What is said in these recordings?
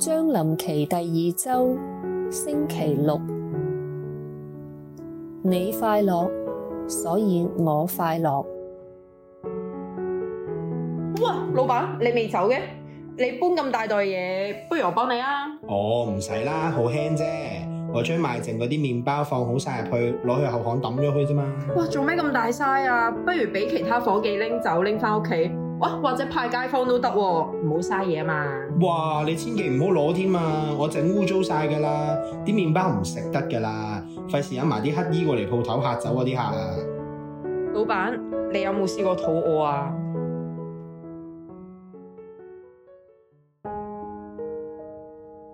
張臨期第二周星期六，你快樂，所以我快樂。哇，老闆你未走嘅？你搬咁大袋嘢，不如我幫你啊？哦，唔使啦，好輕啫。我將賣剩嗰啲麵包放好晒入去，攞去後巷抌咗去啫嘛。哇，做咩咁大嘥啊？不如俾其他伙計拎走，拎翻屋企。哇，或者派街坊都得，唔好嘥嘢嘛。哇！你千祈唔好攞添啊，我整污糟晒噶啦，啲麵包唔食得噶啦，費事引埋啲乞衣過嚟鋪頭嚇走嗰啲客。老闆，你有冇試過肚餓啊？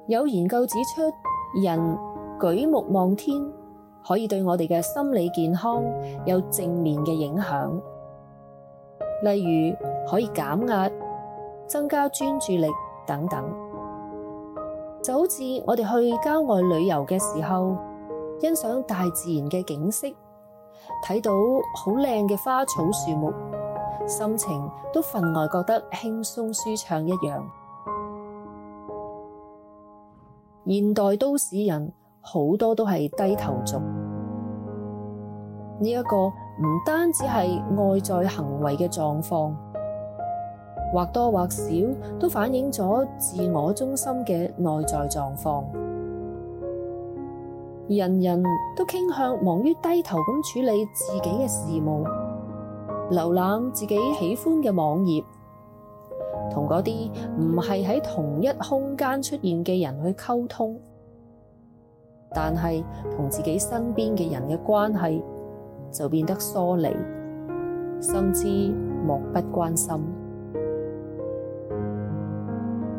有研究指出，人舉目望天，可以對我哋嘅心理健康有正面嘅影響。例如可以減壓、增加專注力等等，就好似我哋去郊外旅遊嘅時候，欣賞大自然嘅景色，睇到好靚嘅花草樹木，心情都分外覺得輕鬆舒暢一樣。現代都市人好多都係低頭族，呢、這、一個。唔單止係外在行為嘅狀況，或多或少都反映咗自我中心嘅內在狀況。人人都傾向忙於低頭咁處理自己嘅事務，瀏覽自己喜歡嘅網頁，同嗰啲唔係喺同一空間出現嘅人去溝通，但係同自己身邊嘅人嘅關係。就變得疏離，甚至漠不關心。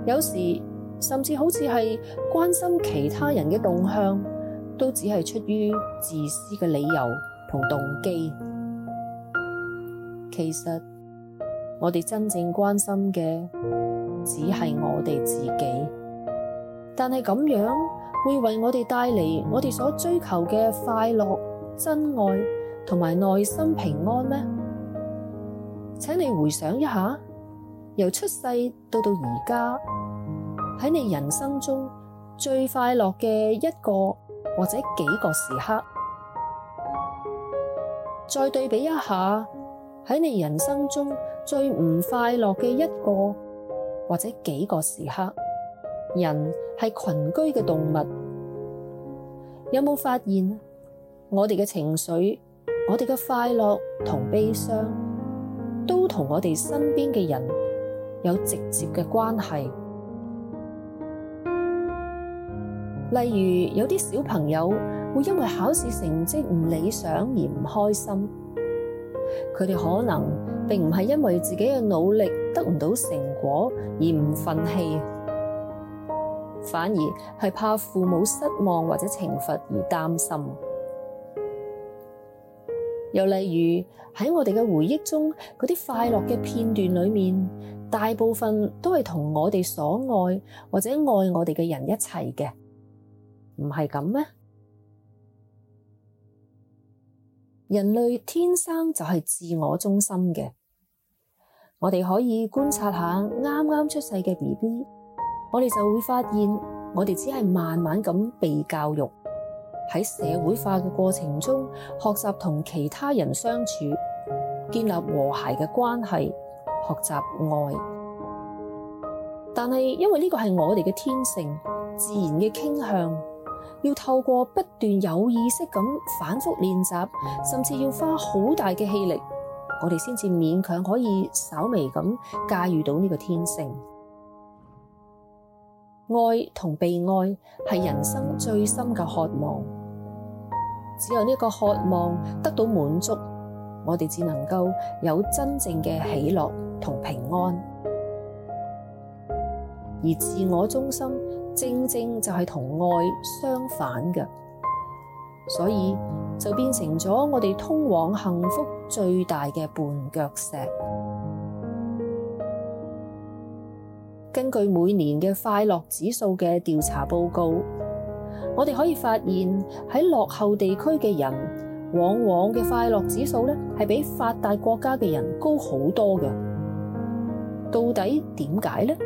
有時甚至好似係關心其他人嘅動向，都只係出於自私嘅理由同動機。其實我哋真正關心嘅只係我哋自己，但係咁樣會為我哋帶嚟我哋所追求嘅快樂、真愛，同埋內心平安咩？請你回想一下，由出世到到而家喺你人生中最快樂嘅一個或者幾個時刻，再對比一下喺你人生中最唔快樂嘅一個或者幾個時刻。人係群居嘅動物，有冇發現我哋嘅情緒，我哋嘅快樂同悲傷，都同我哋身邊嘅人有直接嘅關係。例如，有啲小朋友會因為考試成績唔理想而唔開心，佢哋可能並唔係因為自己嘅努力得唔到成果而唔忿氣，反而係怕父母失望或者懲罰而擔心。又例如喺我哋嘅回憶中，嗰啲快樂嘅片段裏面，大部分都係同我哋所愛或者愛我哋嘅人一齊嘅，唔係咁咩？人類天生就係自我中心嘅。我哋可以觀察下啱啱出世嘅 BB，我哋就會發現，我哋只係慢慢咁被教育。喺社會化嘅過程中，學習同其他人相處，建立和諧嘅關係，學習愛。但係因為呢個係我哋嘅天性，自然嘅傾向，要透過不斷有意識咁反覆練習，甚至要花好大嘅氣力，我哋先至勉強可以稍微咁駕馭到呢個天性。愛同被愛係人生最深嘅渴望。只有呢個渴望得到滿足，我哋只能夠有真正嘅喜樂同平安。而自我中心正正就係同愛相反嘅，所以就變成咗我哋通往幸福最大嘅絆腳石。根據每年嘅快樂指數嘅調查報告。我哋可以發現喺落後地區嘅人，往往嘅快樂指數咧係比發達國家嘅人高好多嘅。到底點解咧？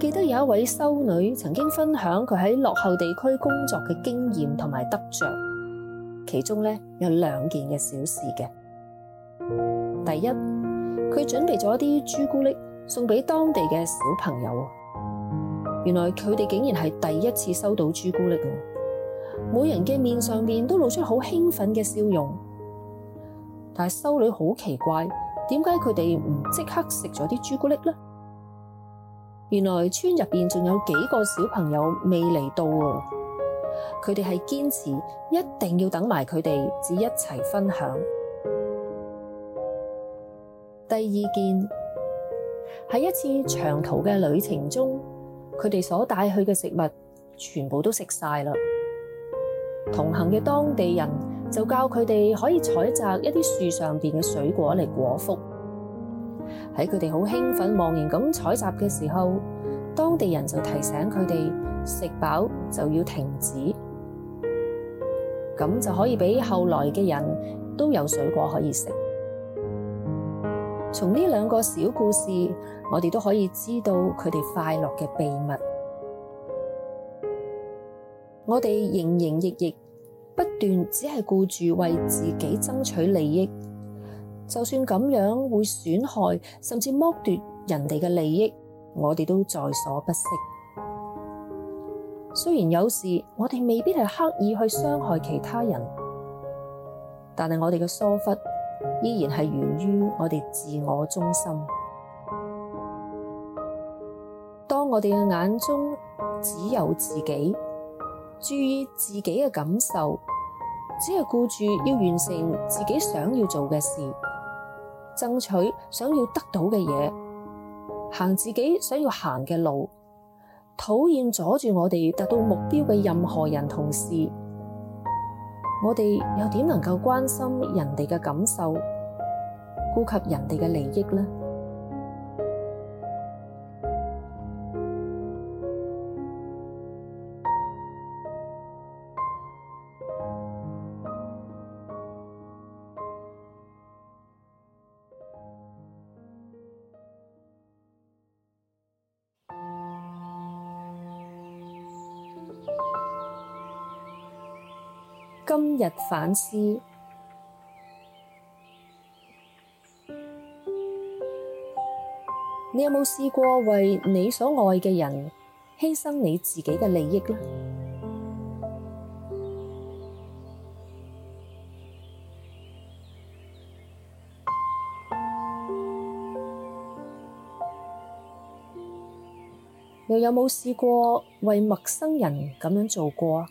記得有一位修女曾經分享佢喺落後地區工作嘅經驗同埋得着，其中咧有兩件嘅小事嘅。第一，佢準備咗一啲朱古力送俾當地嘅小朋友。原來佢哋竟然係第一次收到朱古力，每人嘅面上面都露出好興奮嘅笑容。但係修女好奇怪，點解佢哋唔即刻食咗啲朱古力呢？原來村入邊仲有幾個小朋友未嚟到，佢哋係堅持一定要等埋佢哋，至一齊分享。第二件，喺一次長途嘅旅程中，佢哋所帶去嘅食物全部都食晒啦，同行嘅當地人就教佢哋可以採摘一啲樹上邊嘅水果嚟果腹。喺佢哋好興奮忘形咁採摘嘅時候，當地人就提醒佢哋食飽就要停止，咁就可以俾後來嘅人都有水果可以食。從呢兩個小故事，我哋都可以知道佢哋快樂嘅秘密。我哋營營役役，不斷只係顧住為自己爭取利益，就算咁樣會損害甚至剝奪人哋嘅利益，我哋都在所不惜。雖然有時我哋未必係刻意去傷害其他人，但係我哋嘅疏忽。依然係源於我哋自我中心。當我哋嘅眼中只有自己，注意自己嘅感受，只係顧住要完成自己想要做嘅事，爭取想要得到嘅嘢，行自己想要行嘅路，討厭阻住我哋達到目標嘅任何人同事。我哋又點能夠關心人哋嘅感受，顧及人哋嘅利益咧？今日反思，你有冇試過為你所愛嘅人犧牲你自己嘅利益咧？又有冇試過為陌生人咁樣做過啊？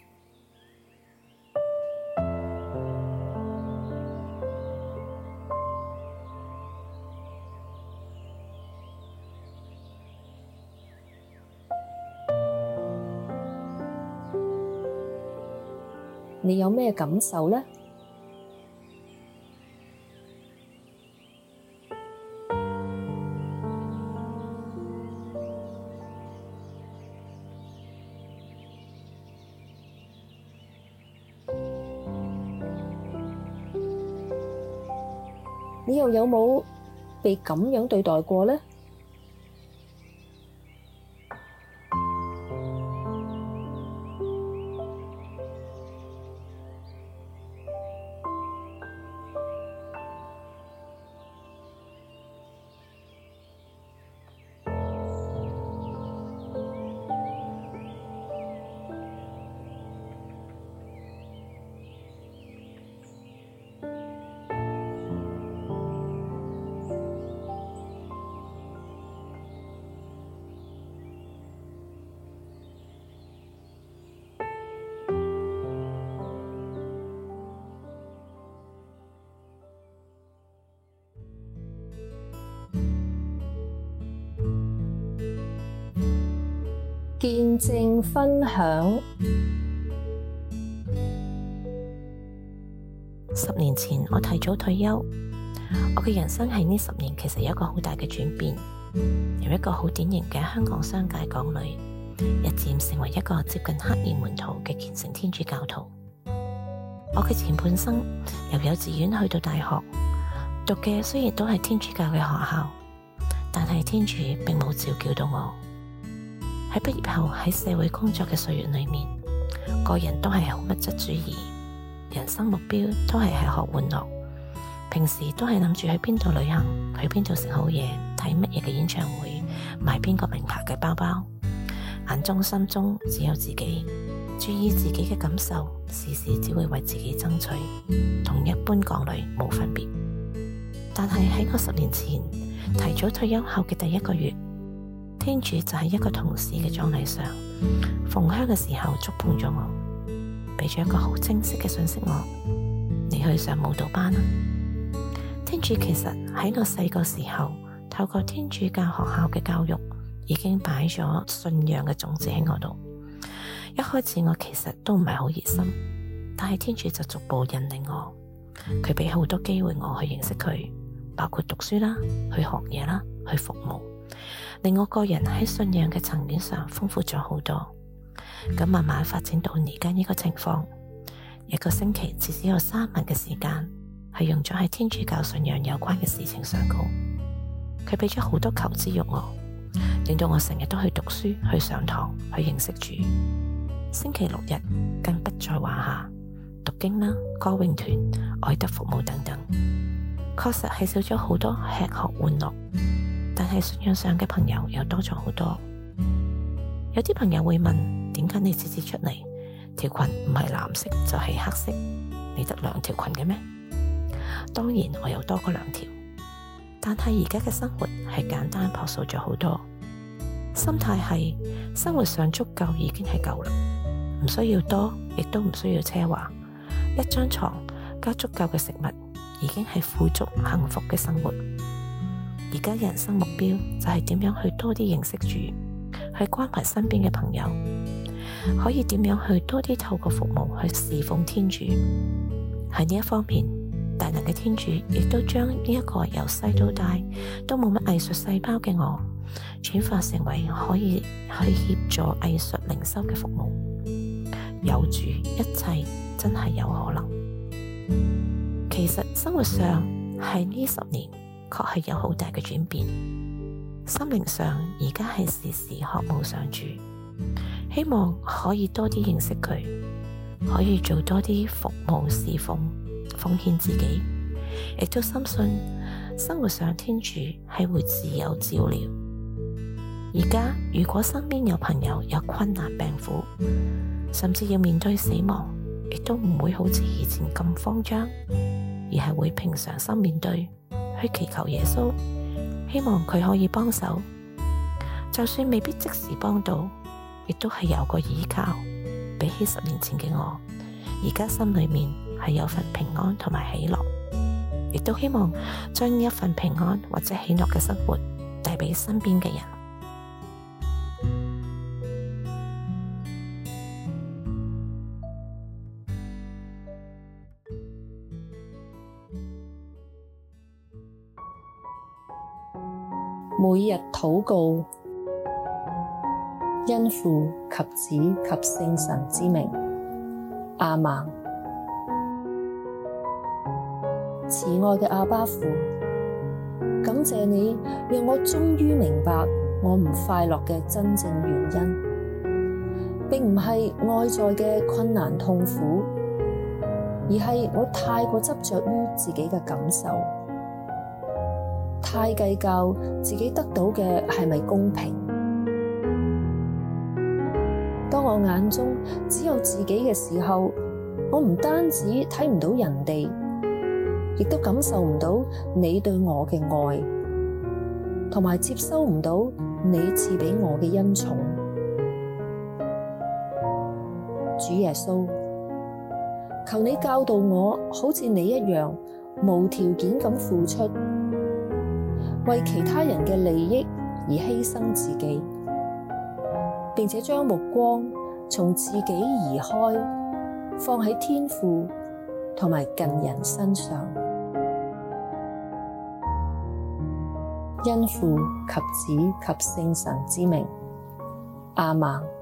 有咩感受呢？你又有冇被咁樣對待過呢？見證分享。十年前，我提早退休，我嘅人生喺呢十年其實有一個好大嘅轉變，由一個好典型嘅香港商界港女，日漸成為一個接近刻意門徒嘅虔誠天主教徒。我嘅前半生，由幼稚園去到大學，讀嘅雖然都係天主教嘅學校，但係天主並冇召叫到我。喺畢業後喺社會工作嘅歲月裏面，個人都係好物質主義，人生目標都係食喝玩樂，平時都係諗住去邊度旅行，去邊度食好嘢，睇乜嘢嘅演唱會，買邊個名牌嘅包包，眼中心中只有自己，注意自己嘅感受，事事只會為自己爭取，同一般港女冇分別。但係喺我十年前提早退休後嘅第一個月，天主就喺一個同事嘅葬禮上，奉香嘅時候觸碰咗我，俾咗一個好清晰嘅訊息我，你去上慕道班啦，啊。天主其實喺我細個時候，透過天主教學校嘅教育，已經擺咗信仰嘅種子喺我度。一開始我其實都唔係好熱心，但係天主就逐步引領我，佢俾好多機會我去認識佢，包括讀書啦，去學嘢啦，去服務。令我個人喺信仰嘅層面上豐富咗好多，咁慢慢發展到而家呢個情況，一個星期至少有三晚嘅時間係用咗喺天主教信仰有關嘅事情上高。佢俾咗好多求知慾我，令到我成日都去讀書、去上堂、去認識主。星期六日更不在話下，讀經啦、歌詠團、愛德服務等等，確實係少咗好多吃喝玩樂。但係信仰上嘅朋友又多咗好多。有啲朋友會問：點解你次次出嚟條裙唔係藍色就係黑色？你得兩條裙嘅咩？當然我又多過兩條，但係而家嘅生活係簡單樸素咗好多。心態係生活上足夠已經係夠啦，唔需要多，亦都唔需要奢華。一張床加足夠嘅食物，已經係富足幸福嘅生活。而家人生目標就係點樣去多啲認識主，去關懷身邊嘅朋友，可以點樣去多啲透過服務去侍奉天主。喺呢一方面，大能嘅天主亦都將呢一個由細到大都冇乜藝術細胞嘅我，轉化成為可以去協助藝術靈修嘅服務。有主一切真係有可能。其實生活上，喺呢十年。確係有好大嘅轉變，心靈上而家係時時渴慕上主，希望可以多啲認識佢，可以做多啲服務侍奉，奉獻自己，亦都深信生活上天主係會自有照料。而家如果身邊有朋友有困難病苦，甚至要面對死亡，亦都唔會好似以前咁慌張，而係會平常心面對。去祈求耶穌，希望佢可以幫手，就算未必即時幫到，亦都係有個依靠。比起十年前嘅我，而家心裏面係有份平安同埋喜樂，亦都希望將呢一份平安或者喜樂嘅生活帶俾身邊嘅人。每日禱告，因父及子及聖神之名，阿們。慈愛嘅阿爸父，感謝你，讓我終於明白我唔快樂嘅真正原因，並唔係外在嘅困難痛苦，而係我太過執着於自己嘅感受。太計較自己得到嘅係咪公平？當我眼中只有自己嘅時候，我唔單止睇唔到人哋，亦都感受唔到你對我嘅愛，同埋接收唔到你賜俾我嘅恩寵。主耶穌，求你教導我，好似你一樣無條件咁付出。為其他人嘅利益而犧牲自己，並且將目光從自己移開，放喺天父同埋近人身上。因父及子及聖神之名，阿們。